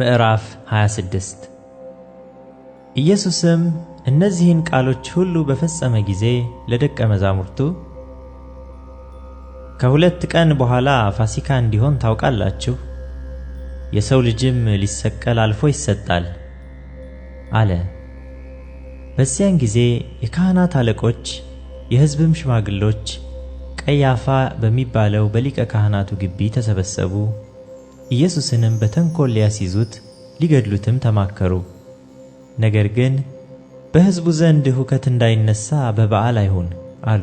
ምዕራፍ 26 ኢየሱስም እነዚህን ቃሎች ሁሉ በፈጸመ ጊዜ ለደቀ መዛሙርቱ ከሁለት ቀን በኋላ ፋሲካ እንዲሆን ታውቃላችሁ፣ የሰው ልጅም ሊሰቀል አልፎ ይሰጣል አለ። በዚያን ጊዜ የካህናት አለቆች የሕዝብም ሽማግሎች ቀያፋ በሚባለው በሊቀ ካህናቱ ግቢ ተሰበሰቡ። ኢየሱስንም በተንኮል ሊያስይዙት ሊገድሉትም ተማከሩ። ነገር ግን በሕዝቡ ዘንድ ሁከት እንዳይነሣ በበዓል አይሁን አሉ።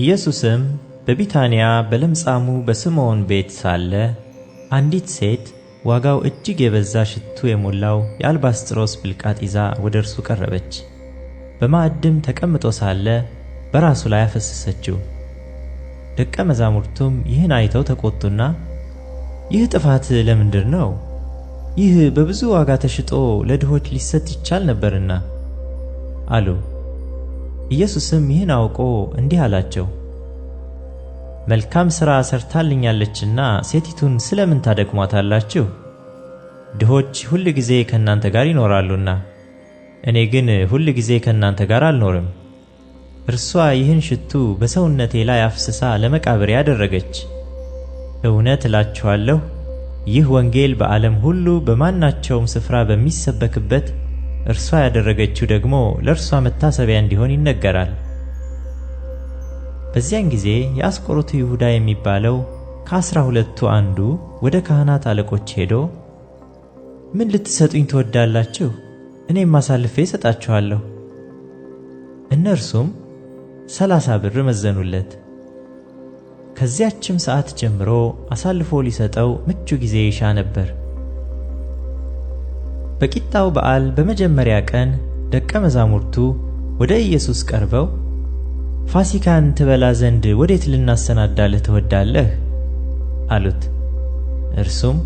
ኢየሱስም በቢታንያ በለምጻሙ በስምዖን ቤት ሳለ አንዲት ሴት ዋጋው እጅግ የበዛ ሽቱ የሞላው የአልባስጥሮስ ብልቃጥ ይዛ ወደ እርሱ ቀረበች። በማዕድም ተቀምጦ ሳለ በራሱ ላይ አፈሰሰችው። ደቀ መዛሙርቱም ይህን አይተው ተቆጡና ይህ ጥፋት ለምንድን ነው? ይህ በብዙ ዋጋ ተሽጦ ለድሆች ሊሰጥ ይቻል ነበርና አሉ። ኢየሱስም ይህን አውቆ እንዲህ አላቸው፣ መልካም ሥራ ሰርታልኛለችና ሴቲቱን ስለምን ታደክሟታላችሁ? ድሆች ሁል ጊዜ ከእናንተ ጋር ይኖራሉና እኔ ግን ሁል ጊዜ ከእናንተ ጋር አልኖርም። እርሷ ይህን ሽቱ በሰውነቴ ላይ አፍስሳ ለመቃብሬ አደረገች። እውነት እላችኋለሁ ይህ ወንጌል በዓለም ሁሉ በማናቸውም ስፍራ በሚሰበክበት እርሷ ያደረገችው ደግሞ ለእርሷ መታሰቢያ እንዲሆን ይነገራል። በዚያን ጊዜ የአስቆሮቱ ይሁዳ የሚባለው ከአስራ ሁለቱ አንዱ ወደ ካህናት አለቆች ሄዶ ምን ልትሰጡኝ ትወዳላችሁ? እኔም አሳልፌ እሰጣችኋለሁ። እነርሱም ሰላሳ ብር መዘኑለት። ከዚያችም ሰዓት ጀምሮ አሳልፎ ሊሰጠው ምቹ ጊዜ ይሻ ነበር። በቂጣው በዓል በመጀመሪያ ቀን ደቀ መዛሙርቱ ወደ ኢየሱስ ቀርበው ፋሲካን ትበላ ዘንድ ወዴት ልናሰናዳልህ ትወዳለህ? አሉት። እርሱም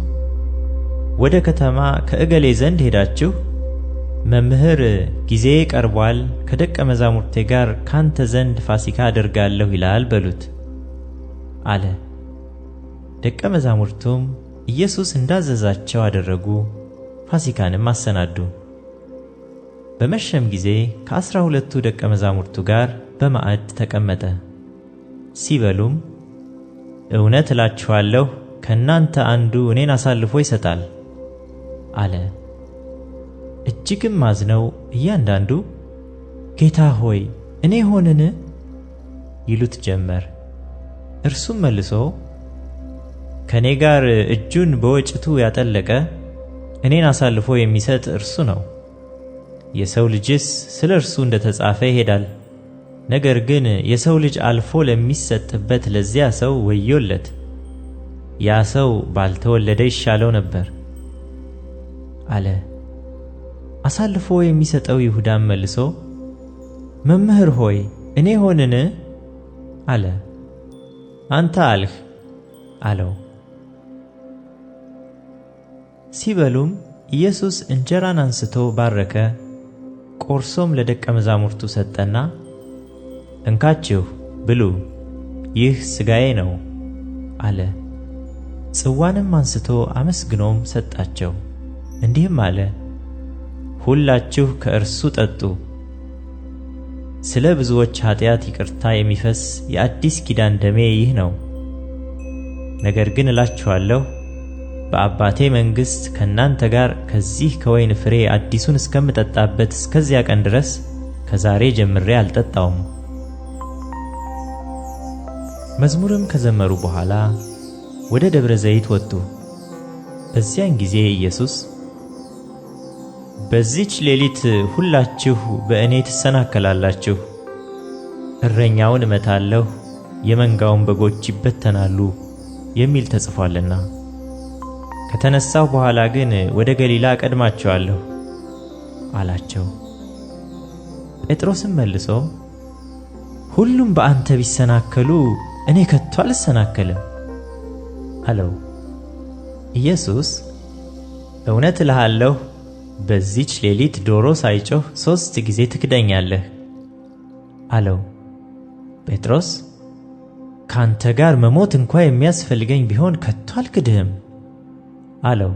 ወደ ከተማ ከእገሌ ዘንድ ሄዳችሁ መምህር ጊዜ ቀርቧል፣ ከደቀ መዛሙርቴ ጋር ካንተ ዘንድ ፋሲካ አደርጋለሁ ይላል በሉት። አለ። ደቀ መዛሙርቱም ኢየሱስ እንዳዘዛቸው አደረጉ፣ ፋሲካንም አሰናዱ። በመሸም ጊዜ ከአስራ ሁለቱ ደቀ መዛሙርቱ ጋር በማዕድ ተቀመጠ። ሲበሉም እውነት እላችኋለሁ ከእናንተ አንዱ እኔን አሳልፎ ይሰጣል አለ። እጅግም አዝነው እያንዳንዱ ጌታ ሆይ እኔ ሆንን ይሉት ጀመር። እርሱም መልሶ ከእኔ ጋር እጁን በወጭቱ ያጠለቀ እኔን አሳልፎ የሚሰጥ እርሱ ነው። የሰው ልጅስ ስለ እርሱ እንደ ተጻፈ ይሄዳል። ነገር ግን የሰው ልጅ አልፎ ለሚሰጥበት ለዚያ ሰው ወዮለት! ያ ሰው ባልተወለደ ይሻለው ነበር አለ። አሳልፎ የሚሰጠው ይሁዳም መልሶ መምህር ሆይ እኔ ሆንን? አለ። አንተ አልህ አለው። ሲበሉም ኢየሱስ እንጀራን አንስቶ ባረከ፣ ቆርሶም ለደቀ መዛሙርቱ ሰጠና እንካችሁ ብሉ፣ ይህ ሥጋዬ ነው አለ። ጽዋንም አንስቶ አመስግኖም ሰጣቸው፣ እንዲህም አለ፦ ሁላችሁ ከእርሱ ጠጡ ስለ ብዙዎች ኃጢአት ይቅርታ የሚፈስ የአዲስ ኪዳን ደሜ ይህ ነው። ነገር ግን እላችኋለሁ በአባቴ መንግሥት ከእናንተ ጋር ከዚህ ከወይን ፍሬ አዲሱን እስከምጠጣበት እስከዚያ ቀን ድረስ ከዛሬ ጀምሬ አልጠጣውም። መዝሙርም ከዘመሩ በኋላ ወደ ደብረ ዘይት ወጡ። በዚያን ጊዜ ኢየሱስ በዚች ሌሊት ሁላችሁ በእኔ ትሰናከላላችሁ። እረኛውን እመታለሁ፣ የመንጋውን በጎች ይበተናሉ የሚል ተጽፏልና። ከተነሳሁ በኋላ ግን ወደ ገሊላ እቀድማችኋለሁ አላቸው። ጴጥሮስም መልሶ ሁሉም በአንተ ቢሰናከሉ እኔ ከቶ አልሰናከልም አለው። ኢየሱስ እውነት እልሃለሁ በዚች ሌሊት ዶሮ ሳይጮህ ሦስት ጊዜ ትክደኛለህ አለው። ጴጥሮስ ካንተ ጋር መሞት እንኳ የሚያስፈልገኝ ቢሆን ከቶ አልክድህም አለው።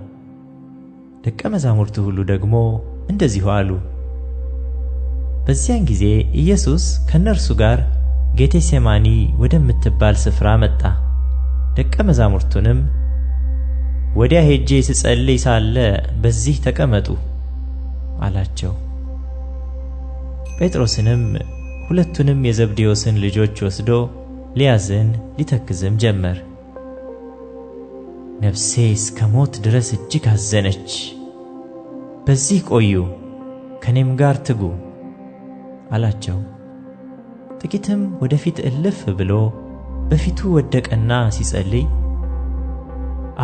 ደቀ መዛሙርቱ ሁሉ ደግሞ እንደዚሁ አሉ። በዚያን ጊዜ ኢየሱስ ከእነርሱ ጋር ጌቴሴማኒ ወደምትባል ስፍራ መጣ። ደቀ መዛሙርቱንም ወዲያ ሄጄ ስጸልይ ሳለ በዚህ ተቀመጡ አላቸው። ጴጥሮስንም ሁለቱንም የዘብዴዎስን ልጆች ወስዶ ሊያዝን ሊተክዝም ጀመር። ነፍሴ እስከ ሞት ድረስ እጅግ አዘነች። በዚህ ቆዩ፣ ከኔም ጋር ትጉ አላቸው። ጥቂትም ወደፊት እልፍ ብሎ በፊቱ ወደቀና ሲጸልይ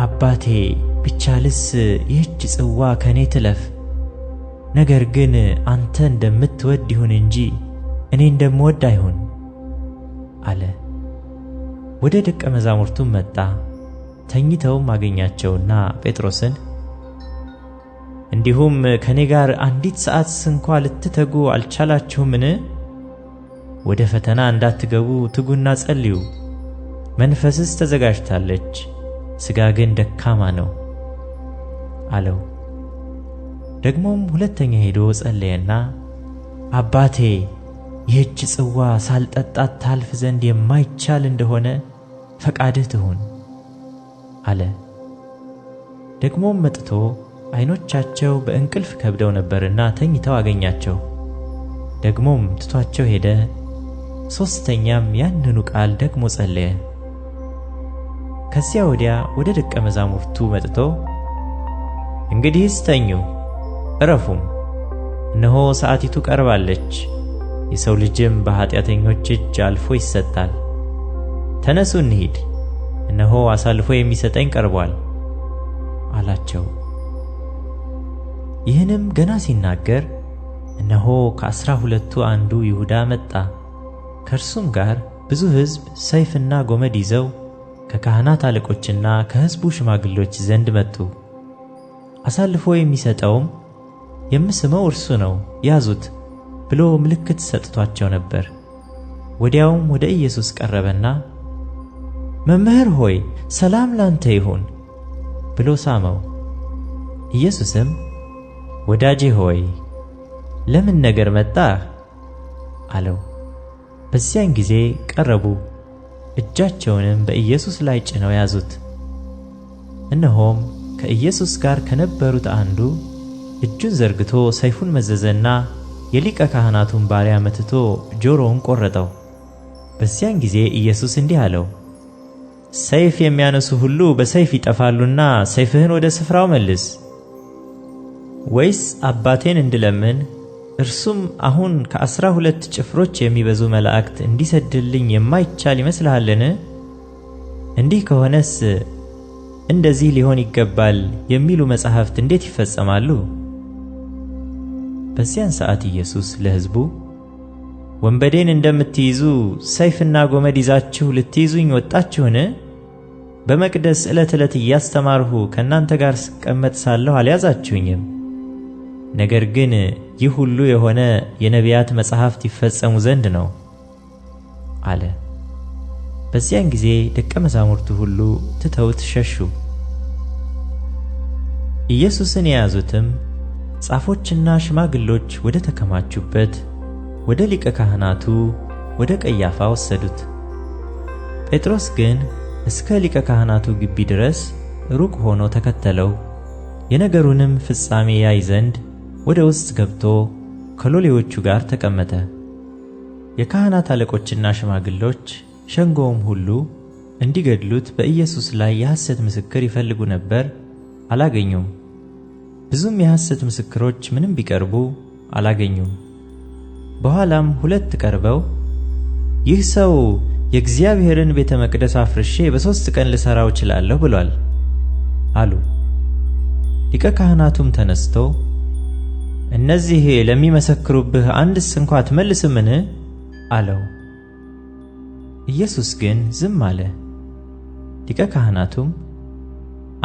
አባቴ ብቻልስ ይህች ጽዋ ከኔ ትለፍ ነገር ግን አንተ እንደምትወድ ይሁን እንጂ እኔ እንደምወድ አይሁን አለ። ወደ ደቀ መዛሙርቱም መጣ፣ ተኝተውም አገኛቸውና ጴጥሮስን እንዲሁም ከእኔ ጋር አንዲት ሰዓት ስንኳ ልትተጉ አልቻላችሁምን? ወደ ፈተና እንዳትገቡ ትጉና ጸልዩ። መንፈስስ ተዘጋጅታለች፣ ሥጋ ግን ደካማ ነው አለው። ደግሞም ሁለተኛ ሄዶ ጸለየና አባቴ ይህች ጽዋ ሳልጠጣት ታልፍ ዘንድ የማይቻል እንደሆነ ፈቃድህ ትሁን አለ። ደግሞም መጥቶ አይኖቻቸው በእንቅልፍ ከብደው ነበርና ተኝተው አገኛቸው። ደግሞም ትቷቸው ሄደ። ሦስተኛም ያንኑ ቃል ደግሞ ጸለየ። ከዚያ ወዲያ ወደ ደቀ መዛሙርቱ መጥቶ እንግዲህስ ስተኙ እረፉም፣ እነሆ ሰዓቲቱ ቀርባለች፣ የሰው ልጅም በኃጢአተኞች እጅ አልፎ ይሰጣል። ተነሱ እንሂድ፣ እነሆ አሳልፎ የሚሰጠኝ ቀርቧል አላቸው። ይህንም ገና ሲናገር እነሆ ከአስራ ሁለቱ አንዱ ይሁዳ መጣ። ከእርሱም ጋር ብዙ ሕዝብ ሰይፍና ጎመድ ይዘው ከካህናት አለቆችና ከሕዝቡ ሽማግሎች ዘንድ መጡ። አሳልፎ የሚሰጠውም የምስመው እርሱ ነው ያዙት ብሎ ምልክት ሰጥቷቸው ነበር። ወዲያውም ወደ ኢየሱስ ቀረበና መምህር ሆይ ሰላም ላንተ ይሁን ብሎ ሳመው። ኢየሱስም ወዳጄ ሆይ ለምን ነገር መጣ አለው። በዚያን ጊዜ ቀረቡ፣ እጃቸውንም በኢየሱስ ላይ ጭነው ያዙት። እነሆም ከኢየሱስ ጋር ከነበሩት አንዱ እጁን ዘርግቶ ሰይፉን መዘዘና የሊቀ ካህናቱን ባሪያ መትቶ ጆሮውን ቆረጠው። በዚያን ጊዜ ኢየሱስ እንዲህ አለው፣ ሰይፍ የሚያነሱ ሁሉ በሰይፍ ይጠፋሉና ሰይፍህን ወደ ስፍራው መልስ። ወይስ አባቴን እንድለምን እርሱም አሁን ከአስራ ሁለት ጭፍሮች የሚበዙ መላእክት እንዲሰድልኝ የማይቻል ይመስልሃልን? እንዲህ ከሆነስ እንደዚህ ሊሆን ይገባል የሚሉ መጻሕፍት እንዴት ይፈጸማሉ? በዚያን ሰዓት ኢየሱስ ለሕዝቡ ወንበዴን እንደምትይዙ ሰይፍና ጎመድ ይዛችሁ ልትይዙኝ ወጣችሁን? በመቅደስ ዕለት ዕለት እያስተማርሁ ከእናንተ ጋር ስቀመጥ ሳለሁ አልያዛችሁኝም። ነገር ግን ይህ ሁሉ የሆነ የነቢያት መጻሕፍት ይፈጸሙ ዘንድ ነው አለ። በዚያን ጊዜ ደቀ መዛሙርቱ ሁሉ ትተውት ሸሹ። ኢየሱስን የያዙትም ጻፎችና ሽማግሎች ወደ ተከማቹበት ወደ ሊቀ ካህናቱ ወደ ቀያፋ ወሰዱት። ጴጥሮስ ግን እስከ ሊቀ ካህናቱ ግቢ ድረስ ሩቅ ሆኖ ተከተለው። የነገሩንም ፍጻሜ ያይ ዘንድ ወደ ውስጥ ገብቶ ከሎሌዎቹ ጋር ተቀመጠ። የካህናት አለቆችና ሽማግሎች ሸንጎውም ሁሉ እንዲገድሉት በኢየሱስ ላይ የሐሰት ምስክር ይፈልጉ ነበር፣ አላገኙም። ብዙም የሐሰት ምስክሮች ምንም ቢቀርቡ አላገኙም። በኋላም ሁለት ቀርበው ይህ ሰው የእግዚአብሔርን ቤተ መቅደስ አፍርሼ በሦስት ቀን ልሠራው እችላለሁ ብሏል አሉ። ሊቀ ካህናቱም ተነስቶ እነዚህ ለሚመሰክሩብህ አንድስ እንኳ አትመልስምን? አለው። ኢየሱስ ግን ዝም አለ። ሊቀ ካህናቱም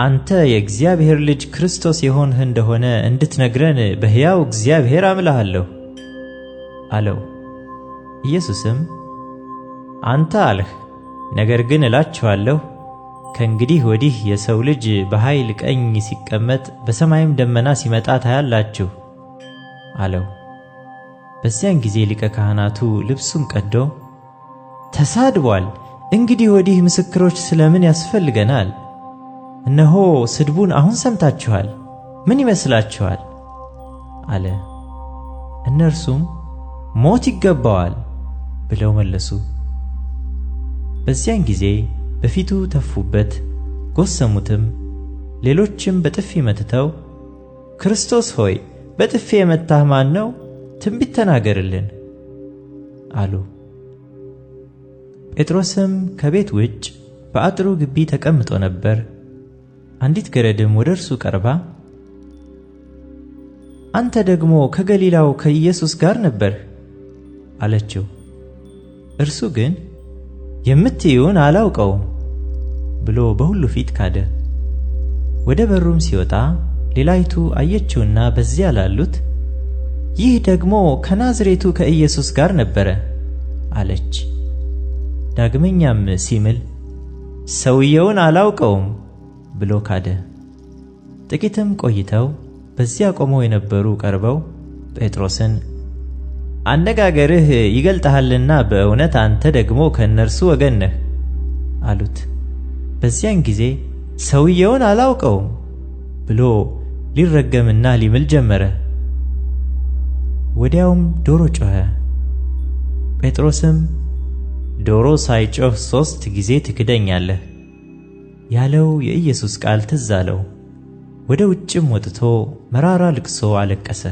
አንተ የእግዚአብሔር ልጅ ክርስቶስ የሆንህ እንደሆነ እንድትነግረን በሕያው እግዚአብሔር አምልሃለሁ አለው። ኢየሱስም አንተ አልህ፣ ነገር ግን እላችኋለሁ ከእንግዲህ ወዲህ የሰው ልጅ በኃይል ቀኝ ሲቀመጥ በሰማይም ደመና ሲመጣ ታያላችሁ አለው። በዚያን ጊዜ ሊቀ ካህናቱ ልብሱን ቀዶ ተሳድቧል፣ እንግዲህ ወዲህ ምስክሮች ስለምን ያስፈልገናል? እነሆ ስድቡን አሁን ሰምታችኋል፣ ምን ይመስላችኋል? አለ። እነርሱም ሞት ይገባዋል ብለው መለሱ። በዚያን ጊዜ በፊቱ ተፉበት፣ ጎሰሙትም። ሌሎችም በጥፊ መትተው ክርስቶስ ሆይ በጥፊ የመታህ ማን ነው? ትንቢት ተናገርልን አሉ። ጴጥሮስም ከቤት ውጭ በአጥሩ ግቢ ተቀምጦ ነበር። አንዲት ገረድም ወደ እርሱ ቀርባ አንተ ደግሞ ከገሊላው ከኢየሱስ ጋር ነበርህ አለችው። እርሱ ግን የምትይውን አላውቀውም ብሎ በሁሉ ፊት ካደ። ወደ በሩም ሲወጣ ሌላይቱ አየችውና በዚያ ላሉት ይህ ደግሞ ከናዝሬቱ ከኢየሱስ ጋር ነበረ አለች። ዳግመኛም ሲምል ሰውየውን አላውቀውም ብሎ ካደ። ጥቂትም ቆይተው በዚያ ቆመው የነበሩ ቀርበው ጴጥሮስን አነጋገርህ ይገልጥሃልና በእውነት አንተ ደግሞ ከእነርሱ ወገን ነህ አሉት። በዚያን ጊዜ ሰውየውን አላውቀውም ብሎ ሊረገምና ሊምል ጀመረ። ወዲያውም ዶሮ ጮኸ። ጴጥሮስም ዶሮ ሳይጮህ ሦስት ጊዜ ትክደኛለህ ያለው የኢየሱስ ቃል ትዝ አለው። ወደ ውጭም ወጥቶ መራራ ልቅሶ አለቀሰ።